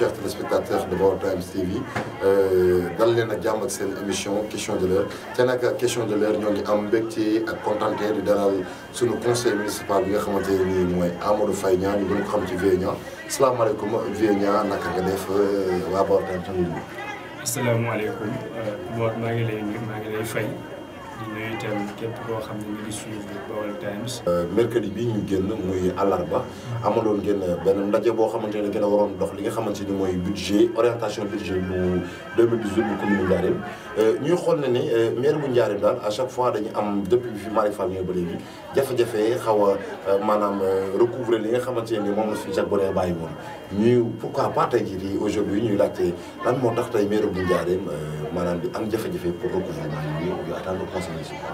chers téléspectateurs de Baol Times TV euh, dal leen a jàmm ak seen émission question de l'heure te nag question de l'heure ñoo ngi am mbégte ak kontante di dalal suñu conseil municipal bi nga xamante nii mooy Amadou Faye Niang ñu gën xam ci Vieux Niang salaamaaleykum Vieux Niang naka nga def euh, waa Baol Times TV. asalaamaaleykum Mor euh, maa ngi lay nuyu maa ngi lay fay. di képp koo xam ne ñu ngi suivre Baol euh, bi ñu génn muy àllarba amaloon ngeen euh, benn ndaje boo xamante ne gën a waroon dox li nga xamante ni mooy budget orientation budget bu 2018 mu commune euh, ñuy xool ne ne maire bu Ndiarème daal à chaque fois dañu am depuis fi Malick Fall ñëw ba léegi jafe-jafe xaw a maanaam recouvrer li nga xamante ne moom la fi Jacques bàyyi woon ñuy pourquoi pas tey jii di aujourd'hui ñuy laajte lan moo tax tey maire bu Ndiarème maanaam di am jafe-jafe pour vaccination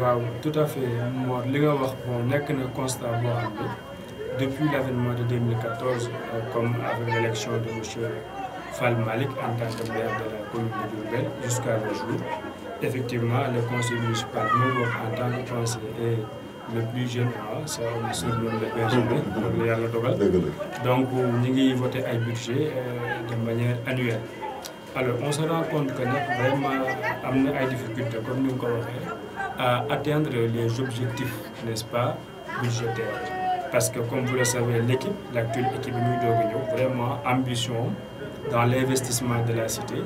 waaw tout à fait Mor li nga wax bon nekk na constat boo xam ne depuis l' avènement de 2014 euh, comme avec l' élection de monsieur Fall Malick en tant que maire de la jusqu'à nos jours effectivement le conseil municipal moom en tant que conseiller et le plus jeune ah ça on le PGB loolu la yàlla dogal donc euh, ñu ngi voté ay budget euh, de manière annuelle alors on se rend compte que vraiment am na ay difficultés comme ni nga ko waxee à atteindre les objectifs n'est-ce pas budgétaires parce que comme vous le savez l'équipe l'actuelle équipe bi muy doog ñëw vraiment ambition dans l'investissement de la cité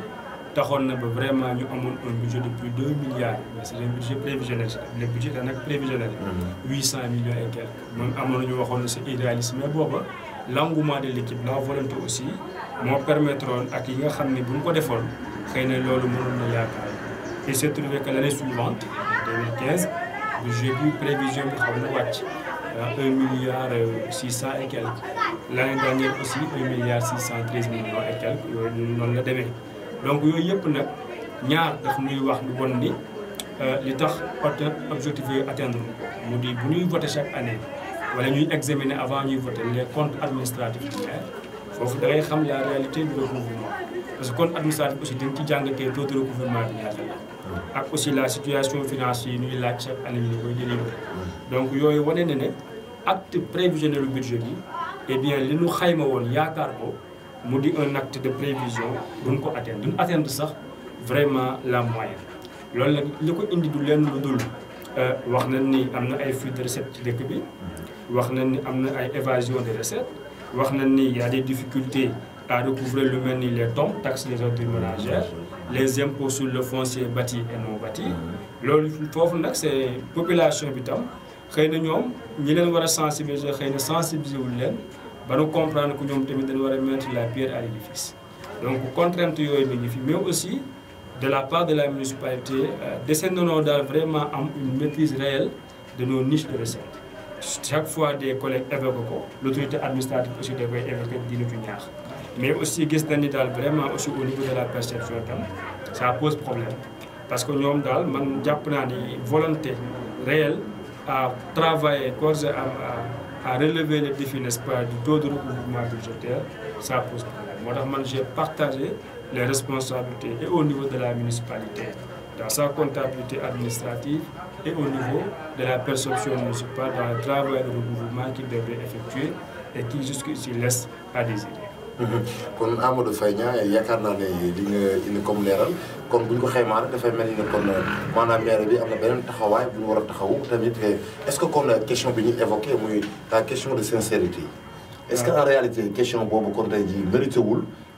taxoon na ba vraiment ñu amoon un budget de plus de deux milliards mais c'est un budget prévisionnel le budget daanaka prévisionnel. Mm-hmm. huit cent millions et moom amoon na ñu waxoon na c'est idéaliste mais booba. l'engouement de l'équipe la volonté aussi moo permettroon ak yi nga xam ne bu ñu ko defoon xëy na loolu mënoon na yaakaar et c'est trouvé que l'année suivante 2015 budget bi prévision bi xaw na wàcc à euh, un milliard euh, six cent et quelques l'année dernière aussi un milliard cent treize millions et quelques yooyu noonu la demee donc yooyu yëpp nag ñaar daf ñuy wax lu bon ni euh, li tax objectif yooyu atteindre mu di bu ñuy voté chaque année wala ñuy examiner avant ñuy voter les comptes administratifs du maire foofu da xam la réalité du recouvrement parce que compte administratif aussi dañ ci jàngatee taux de recouvrement bi ñaata la hmm. ak aussi la situation financière yi ñuy laaj chaque année ñu koy délivré donc yooyu wane na ne acte prévisionnel du budget bi eh bien li ñu xayma woon yaakaar ko mu di un acte de prévision duñ ko atteindre duñ atteindre sax vraiment la moyenne loolu nag li ko indi du lenn lu dul Euh, wax na ni am na ay fuite de recette ci dëkk bi wax na ni am na ay évasion de recettes wax na ni y a des a à recouvrer lu mel ni les tombes taxes des ordures ménagères les impôts sur le foncier bâti et non bâti loolu foofu nag c'est population bi tam xëy na ñoom ñi leen war a sensibiliser xëy na sensibiliser wul leen ba nu comprendre que ñoom tamit dañu war a mettre la pierre à l'édifice donc contrainte yooyu mais aussi de la part de la municipalité, euh, d'avoir vraiment une maîtrise réelle de nos niches Chaque fois, des collègues évoquent l'autorité administrative aussi devrait évoquer d'Inoukouniar. Mais aussi, vraiment aussi au niveau de la perception, ça pose problème. Parce que nous avons une volonté réelle à travailler, à, à relever les défis, nest du taux de recouvrement budgétaire, ça pose problème. Moi, j'ai partagé les responsabilités et au niveau de la municipalité, dans sa comptabilité administrative et au niveau de la perception municipale dans le travail de regroupement qu'il devrait effectuer et qui jusqu'ici laisse à désirer. Mhm. kon Amadou Faye Niang yaakaar naa ne li nga indi comme leeral kon bu ko xaymaa rek dafay mel ni kon euh, maanaam maire bi am na beneen taxawaay bu war a taxaw tamit euh, est-ce que kon euh, question bi ñu évoqué muy question de sincérité. est-ce que en réalité boobu kon tey jii mérité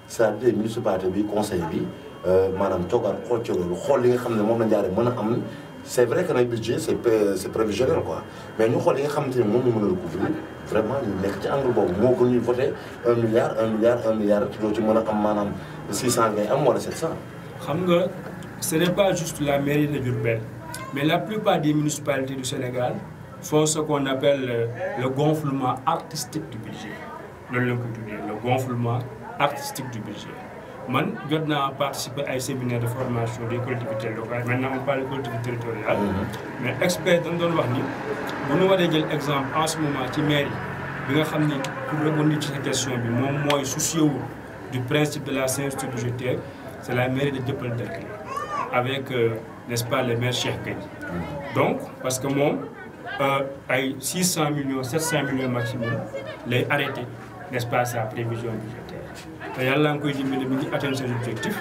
c'est-à-dire municipalité bi conseil bi euh, maanaam toogaan xool ci loolu xool li nga xam ne moom la njaaree mën a am c'est vrai que nag budget c'est c'est prévisionnel mais ñu xool li nga xamante ni moom ñu mën a recouvrir vraiment ñu ci angle boobu moo gën ñu voté un milliard un milliard un milliard doo ci mën a am maanaam six cent ngay am wala sept cent xam nga ce n'est pas juste la mairie de Diourbel mais la plupart des municipalités du Sénégal font ce qu'on appelle le gonflement artistique du budget artistique du budget. man jot naa participer ay séminaire de formation des collectivités locales maintenant on parle de collectivité territoriale mhm. mais expert dañ doon wax ni bu ñu waree jël exemple en ce moment ci mairie bi nga xam ni pour répondre ci sa question bi moom mooy soucié wu du principe de la sincérité budgétaire c' est la mairie de Dieuppeul-Derklé avec euh, n' est ce pas le maire Cheikh Gueye mhm. donc parce que moom euh, ay 600 millions 700 millions maximum lay arrêté n' est ce pas sa te yàlla nga koy dimbali mi ngi atteindre objectif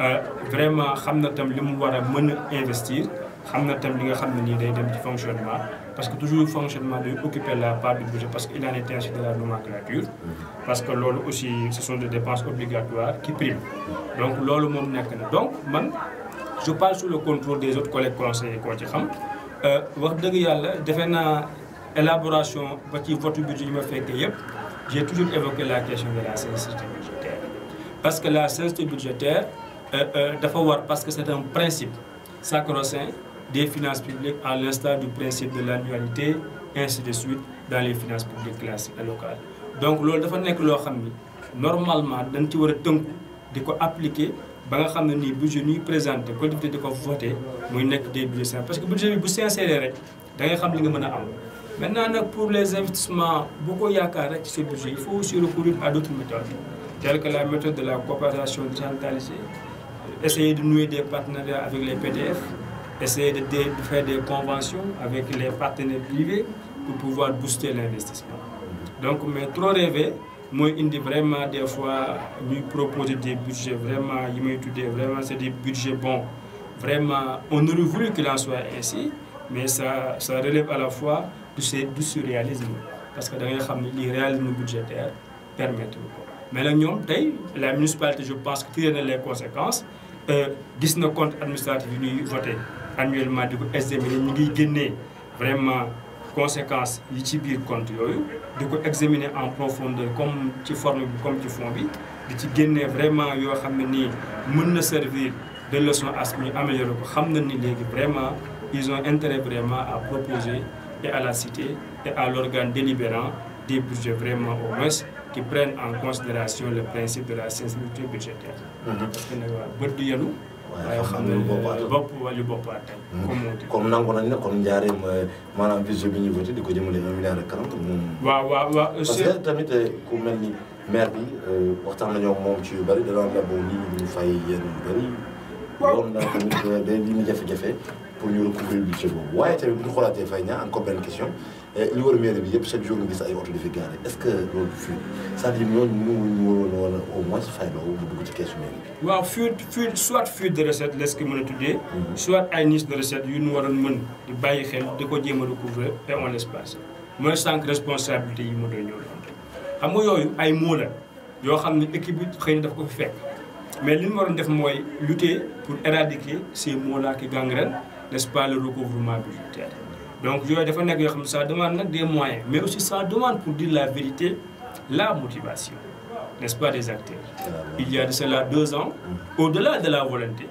euh, vraiment xam na tam li mu war a mën a investir xam na tam li nga xam ne nii day dem ci fonctionnement parce que toujours fonctionnement day occuper la part du budget parce que il en est ainsi de la nomenclature mm-hmm. parce que loolu aussi ce sont des dépenses obligatoires qui priment donc loolu moom nekk na donc man je parle sous le contrôle des autres collègues conseillers koo ci xam euh, wax dëgg yàlla defe naa élaboration ba ci vote budget ma fekkee yëpp j'ai toujours évoqué la question de parce que la sincérité budgétaire euh, euh, dafa war parce que c'est un principe sacro-saint des finances publiques à l'instar du principe de l'annualité ainsi de suite dans les finances publiques classiques et donc loolu dafa nekk loo xam ni normalement dañ ci war a tënku di ko appliquer ba nga xam ne nii budget ñuy présenter collectivité di ko voté muy nekk de budgets sincères parce que budget bi bu sincère rek da xam li nga mën a am maintenant nag pour les investissements bu ko yaakaar rek ci ce budget il faut aussi recourir à d'autres telle que la méthode de la coopération décentralisée, essayer de nouer des partenariats avec les PDF, essayer de, de faire des conventions avec les partenaires privés pour pouvoir booster l'investissement. Donc, mais trop rêver, mooy indi vraiment des fois, lui proposer des budgets vraiment, il m'a étudié vraiment, c'est des budgets bons. Vraiment, on aurait voulu qu'il en soit ainsi, mais ça, ça relève à la fois du, du surréalisme. Parce que dans le réalisme budgétaire, permettre. mais nag ñoom tey la municipalité je pense que tiré na les conséquences euh, gis na compte administratif yi ñuy voté annuellement di ko examiner ñu ngiy génnee vraiment conséquences yi ci biir compte yooyu di ko examiner en profondeur comme ci forme bi comme ci fond bi di ci génnee vraiment yoo xam ne nii mën na servir de leçon à ce que ko xam na ni léegi vraiment ils ont intérêt vraiment à proposer et à la cité et à l'organe délibérant des budgets vraiment au qui en considération le principe de la sincérité budgétaire. Mhm. parce que nag waa bët du yenu. waaye xam ne bopp wala boppaat tey. Mhm. comme moo di ne comme njaareem euh, maanaam budget bi ñu voté di ko jëmale un milliard ak quarante euh, tamit euh, ku mel ni maire bi waxtaan nañoo moom ci yu bëri da doon lebo lii ñu fay yenn yu bëri. loolu nag tamit jafe-jafe pour ñu recouvrir budget boobu waaye tamit bu xoolaatee fay ñaa encore benn question. li war a mairie bi yëpp chaque jour nga gis ay oto di fi gaare est-ce que loolu fuite c'est-à-dire ñooñu mënuñu waroon wala au moins fay loo soit fuite de recette les que mën a tuddee. Mhm. soit ay niche de recette yu ñu a mën di bàyyi xel di ko jéem a recouvrer et on laisse passer mooy sànq responsabilité yi ma doon ñëw xam nga yooyu ay moo yoo xam ne équipe bi xëy na daf ko fi fekk mais li ñu waroon def mooy lutter pour éradiquer ces mots là qui gangrènent n'est-ce pas le recouvrement budgétaire. donc yooyu dafa nekk yoo xam ne ça demande nag des moyens mais aussi ça demande pour dire la vérité la motivation n'est-ce pas des acteurs il y a de cela deux ans mm. au de la volonté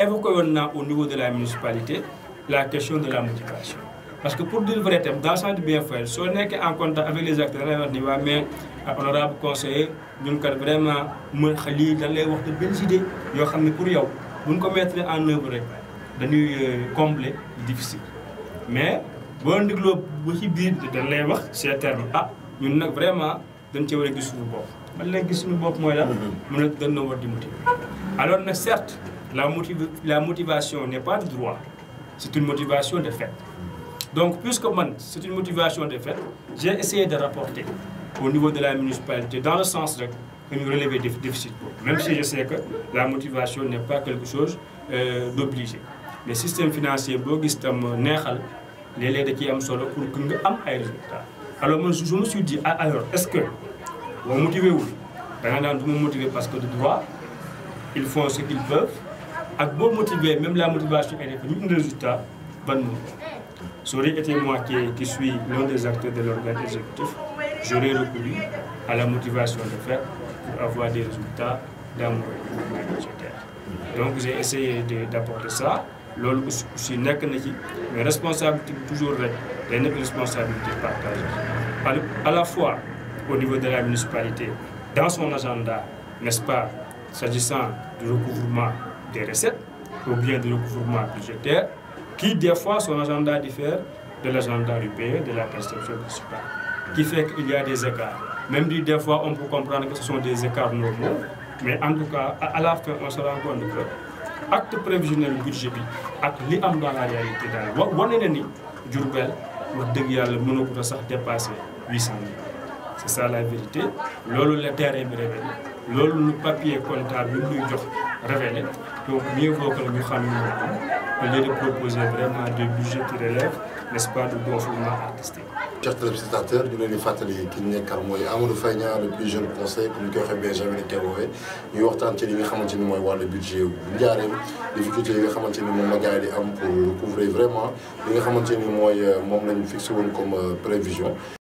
évoqué woon naa au niveau de la municipalité la question de la motivation parce que pour dire vrai tam dans centre bien faire soo nekkee en contact avec les acteurs dana wax ni waa mais ah, honorable conseiller ñun vraiment mën lii dañ lay wax de yoo xam ne pour yow buñ ko mettre en dañuy euh, combler difficile mais boo ndigloo bu ci biir dañ lay wax c'est terme ah ñun nag vraiment dañ cee war a gis suñu bopp. man lañ gis suñu bopp mooy mm-hmm. la mun a dañ na war di motiver alors nag certes la motiv la motivation n'est pas de droit c'est une motivation de fait donc que man c'est une motivation de fait j'ai essayé de rapporter au niveau de la municipalité dans le sens rek que ñu relever des déficits boobu même si je sais que la motivation n'est pas quelque chose euh, d'obligé mais système financier boo gis tam neexal léeg-léeg da ciy am solo pour que nga am ay résultats alors man je me suis dit ah, alors est-ce que boo motivé wul da naan du ma motivé parce que de droit ils font ce qu'ils peuvent ak boo motivé même la motivation est de ñu indi résultat ban moom. J'aurais été des acteurs de l'organe exécutif, j'aurais recouru à la motivation de faire pour avoir des résultats dans mon Donc j'ai essayé d'apporter ça. loolu aussi aussi nekk na ci mais responsabilité bi toujours rek day nekk responsabilité partagée à la fois au niveau de la municipalité dans son agenda nest pas s'agissant du recouvrement des recettes ou bien du recouvrement budgétaire qui des fois son agenda diffère de l'agenda du pays e, de la perception municipale qui fait qu'il y a des écarts même si des fois on peut comprendre que ce sont des écarts normaux mais en tout cas à la fin on se rend acte prévisionnel budget bi ak li am dans la réalité daal wa wane na ni Diourbel wax dëgg yàlla mënagul a sax dépasser 800 000 c'est ça la vérité loolu la terrain bi révélé loolu lu papier comptable bi muy jox révélé Donc mieux vaut que ñu xam au lieu de proposer du artistique. chers téléspectateurs ñu leen di fàttali ki ñu mooy Amadou Faye ñaar le plus jeune conseiller comme ni ko waxee Benjamin ni koy woowee ñuy waxtaan ci li nga xamante ni mooy wàllu budget bu njaareem difficulté yi nga xamante ni moom la gars yi di am pour recouvrer vraiment li nga xamante ni mooy moom lañu fixé woon comme euh, prévision.